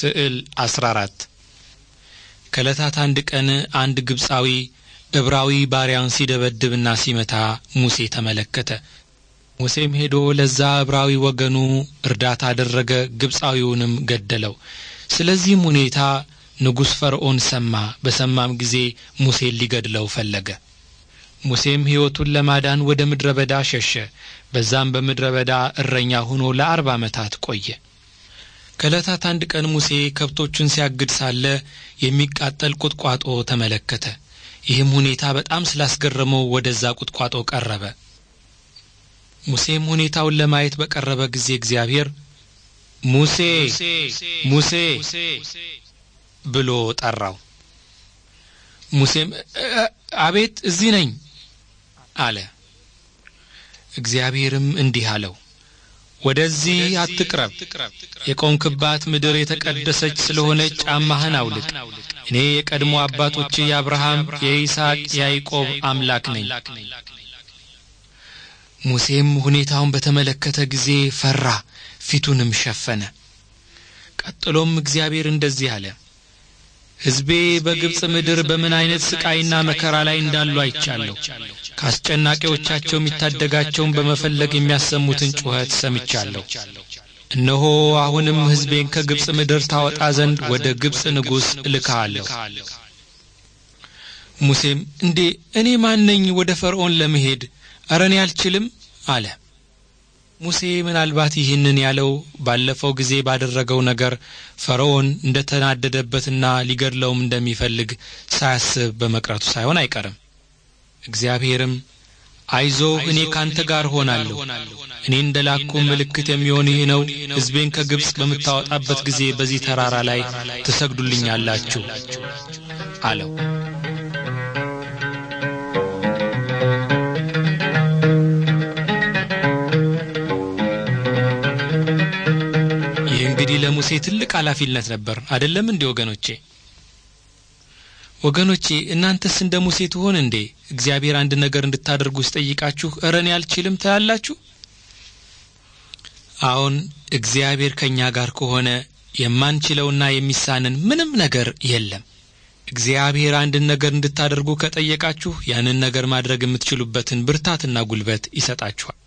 ስዕል 14 ከዕለታት አንድ ቀን አንድ ግብፃዊ ዕብራዊ ባሪያውን ሲደበድብና ሲመታ ሙሴ ተመለከተ። ሙሴም ሄዶ ለዛ ዕብራዊ ወገኑ እርዳታ አደረገ፣ ግብፃዊውንም ገደለው። ስለዚህም ሁኔታ ንጉሥ ፈርዖን ሰማ። በሰማም ጊዜ ሙሴን ሊገድለው ፈለገ። ሙሴም ሕይወቱን ለማዳን ወደ ምድረ በዳ ሸሸ። በዛም በምድረ በዳ እረኛ ሆኖ ለአርባ ዓመታት ቆየ። ከእለታት አንድ ቀን ሙሴ ከብቶቹን ሲያግድ ሳለ የሚቃጠል ቁጥቋጦ ተመለከተ። ይህም ሁኔታ በጣም ስላስገረመው ወደዛ ቁጥቋጦ ቀረበ። ሙሴም ሁኔታውን ለማየት በቀረበ ጊዜ እግዚአብሔር ሙሴ ሙሴ ብሎ ጠራው። ሙሴም አቤት፣ እዚህ ነኝ አለ። እግዚአብሔርም እንዲህ አለው ወደዚህ አትቅረብ፣ የቆምክባት ምድር የተቀደሰች ስለሆነች ጫማህን አውልቅ። እኔ የቀድሞ አባቶች የአብርሃም፣ የይስሐቅ፣ የያዕቆብ አምላክ ነኝ። ሙሴም ሁኔታውን በተመለከተ ጊዜ ፈራ፣ ፊቱንም ሸፈነ። ቀጥሎም እግዚአብሔር እንደዚህ አለ፣ ሕዝቤ በግብፅ ምድር በምን አይነት ሥቃይና መከራ ላይ እንዳሉ አይቻለሁ። ከአስጨናቂዎቻቸው የሚታደጋቸውን በመፈለግ የሚያሰሙትን ጩኸት ሰምቻለሁ። እነሆ አሁንም ሕዝቤን ከግብፅ ምድር ታወጣ ዘንድ ወደ ግብፅ ንጉሥ እልካለሁ። ሙሴም እንዴ እኔ ማነኝ ወደ ፈርዖን ለመሄድ? እረኔ ያልችልም አልችልም አለ። ሙሴ ምናልባት ይህንን ያለው ባለፈው ጊዜ ባደረገው ነገር ፈርዖን እንደ ተናደደበትና ሊገድለውም እንደሚፈልግ ሳያስብ በመቅረቱ ሳይሆን አይቀርም። እግዚአብሔርም አይዞ እኔ ካንተ ጋር ሆናለሁ፣ እኔ እንደ ላኩ ምልክት የሚሆን ይህ ነው፣ ሕዝቤን ከግብፅ በምታወጣበት ጊዜ በዚህ ተራራ ላይ ትሰግዱልኛላችሁ አለው። ይህ እንግዲህ ለሙሴ ትልቅ ኃላፊነት ነበር። አይደለም እንዲህ ወገኖቼ? ወገኖቼ እናንተስ እንደ ሙሴ ትሆን እንዴ እግዚአብሔር አንድ ነገር እንድታደርጉ ስጠይቃችሁ እረ እኔ አልችልም ትላላችሁ አሁን እግዚአብሔር ከእኛ ጋር ከሆነ የማንችለውና የሚሳንን ምንም ነገር የለም እግዚአብሔር አንድን ነገር እንድታደርጉ ከጠየቃችሁ ያንን ነገር ማድረግ የምትችሉበትን ብርታትና ጉልበት ይሰጣችኋል